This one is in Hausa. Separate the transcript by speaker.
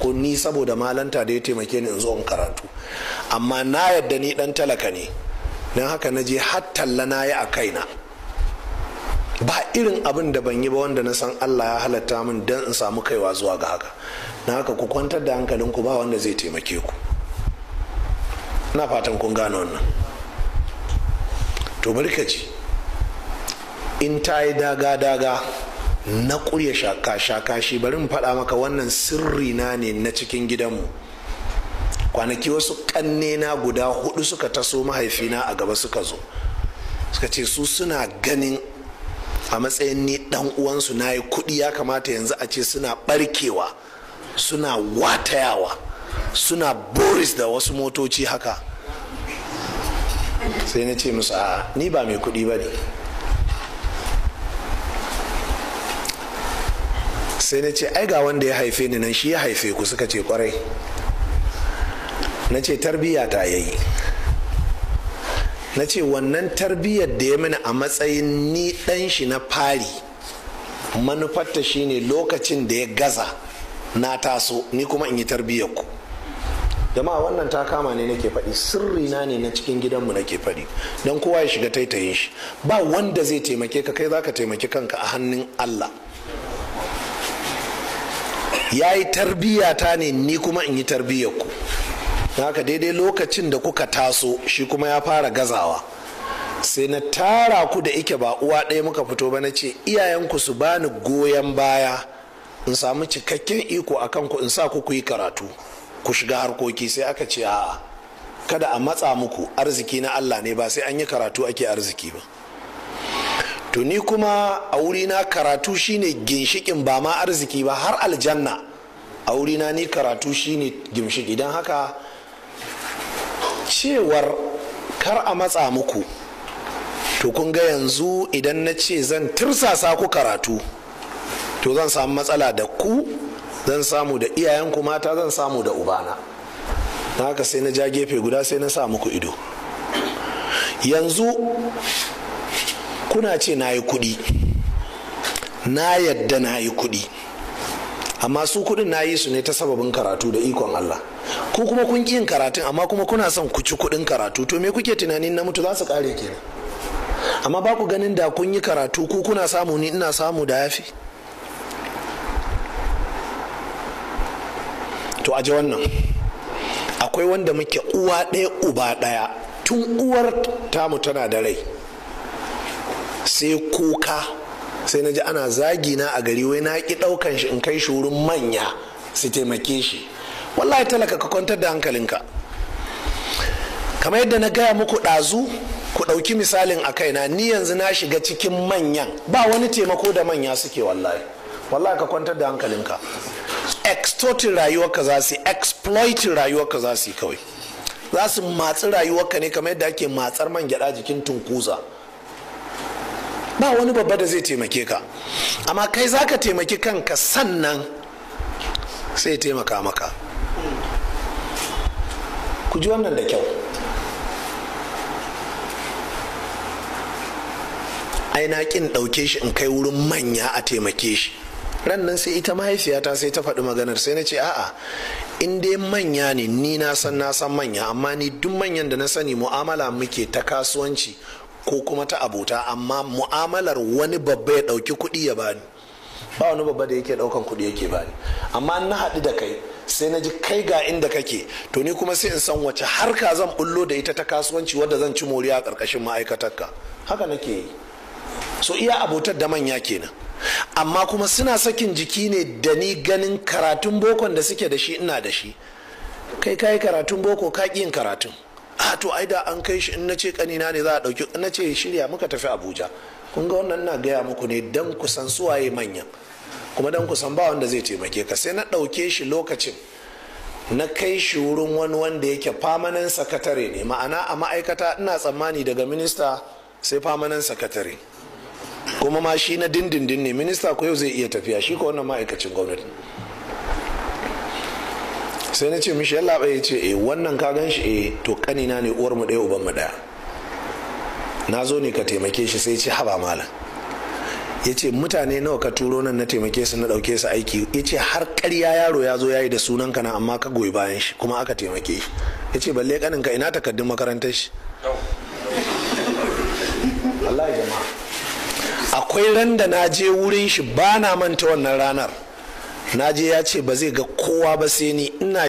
Speaker 1: Kunni saboda malanta da ya taimake ni in zo in karatu amma na yadda ni dan talaka ne don haka na je har talla na yi a kaina ba irin abin da ban yi ba wanda na san allah ya halatta min don in samu kaiwa zuwa ga haka na haka ku kwantar da hankalinku ba wanda zai taimake ku na fatan kun gane wannan to barkaci. in ta yi daga-daga na kurya shaka shaka shi bari mu faɗa maka wannan sirri na ne na cikin gidanmu kwanaki wasu kanne na guda hudu suka taso mahaifina a gaba suka zo suka ce su suna ganin a matsayin ni dan uwansu na yi kuɗi ya kamata yanzu a ce suna barkewa suna watayawa suna boris da wasu motoci haka sai na ce musu a ni ba mai kuɗi ba ne sai na ce ai ga wanda ya haife ni nan shi ya haife ku suka ce kwarai na ce tarbiyya ta yayi na ce wannan tarbiyyar da ya mini a matsayin ni dan shi na fari manufarta shine lokacin da ya gaza na taso ni kuma in yi tarbiyyar ku jama'a wannan ta kama ne nake faɗi sirri na ne na cikin gidanmu nake faɗi don kowa ya shiga taitayin shi ba wanda zai taimake ka kai zaka taimaki kanka a hannun Allah ya yi tarbiyya ta ne ni kuma in yi tarbiyyar ku haka daidai lokacin da kuka taso shi kuma ya fara gazawa sai na tara ku da ike ba uwa ɗaya muka fito ba na ce iyayenku su bani goyon baya in samu cikakken iko a kanku in sa ku yi karatu ku shiga harkoki sai aka ce a'a kada a matsa muku arziki na allah ne ba sai an yi karatu ake arziki ba to ni kuma a wurina karatu shine ginshikin ba ma arziki ba har aljanna a wurina ni karatu shine ginshiki don haka cewar kar a matsa muku to kun ga yanzu idan na ce zan tirsasa ku karatu to zan samu matsala da ku zan samu da iyayenku mata zan samu da ubana na haka sai na ja gefe guda sai na sa muku ido yanzu kuna ce na yi kuɗi na yadda na yi kuɗi amma su kuɗin na yi su ne ta sababin karatu da ikon Allah ko kuma kun yin karatun amma kuma kuna son ku ci kuɗin karatu to me kuke tunanin na mutu za su ƙare ke amma ba ku ganin da kun yi karatu ko kuna samu ni ina samu da yafi to aje wannan akwai wanda muke uwa ɗaya uba ɗaya tun uwar tamu tana da rai sai kuka sai na ji ana zagi na a gari wai na ki ɗaukan shi in kai shi wurin manya su taimake shi wallahi talaka ka kwantar da hankalinka kamar yadda na gaya muku ɗazu ku ɗauki misalin a kaina ni yanzu na shiga cikin manyan ba wani taimako da manya suke wallahi wallahi ka kwantar da hankalinka extortin rayuwarka za su exploiting rayuwarka za su kawai za su matsi rayuwarka ne kamar yadda ake matsar man gyada jikin tunkuza ba wani babba da zai taimake ka amma kai za ka taimaki kanka sannan sai taimaka maka ku ji wannan da kyau aina kin ɗauke shi in kai wurin manya a taimake shi ran nan sai ita mahaifiyata sai ta faɗi maganar sai na ce a'a in dai manya ne ni na san na san manya amma ni duk manyan da na sani mu'amala muke ta kasuwanci ko kuma ta abota amma mu'amalar wani babba ya ɗauki kuɗi ya bani ba wani babba da yake ɗaukan kuɗi yake bani amma na haɗu da kai sai na ji kai ga inda kake to ni kuma sai in san wace harka zan bullo da ita ta kasuwanci wadda zan ci moriya a ƙarƙashin ka. haka nake yi so iya abotar da manya kenan amma kuma suna sakin jiki ne da ni ganin karatun bokon da suke da shi ina da shi kai kayi karatun boko ka ƙi yin karatun a ah, to ai da an kai shi in na ce kanina ne za a ɗauki na ce shirya muka tafi abuja kun ga wannan na gaya muku ne dan kusan suwaye manyan kuma dan kusan ba wanda zai taimake ka sai na ɗauke shi lokacin na kai shi wurin wani wanda yake famanan sakatare ne ma'ana a ma'aikata ina tsammani daga minista sai famanan sakatare kuma ma shi na dindindin ne minista ko yau zai iya tafiya shi ko wannan ma'aikacin gwamnati sai na ce mishi yalla ya ce eh wannan ka gan shi eh to kanina ne uwar mu ɗaya uban mu ɗaya na zo ne ka taimake shi sai ce haba malam ya ce mutane nawa ka turo nan na taimake su na ɗauke su aiki ya ce har karya yaro ya zo ya yi da sunan ka na amma ka goyi bayan shi kuma aka taimake shi ya ce balle kanin ka ina takardun makarantar shi akwai randa na je wurin shi ba na manta wannan ranar na je ya ce ba zai ga kowa ba sai ni ina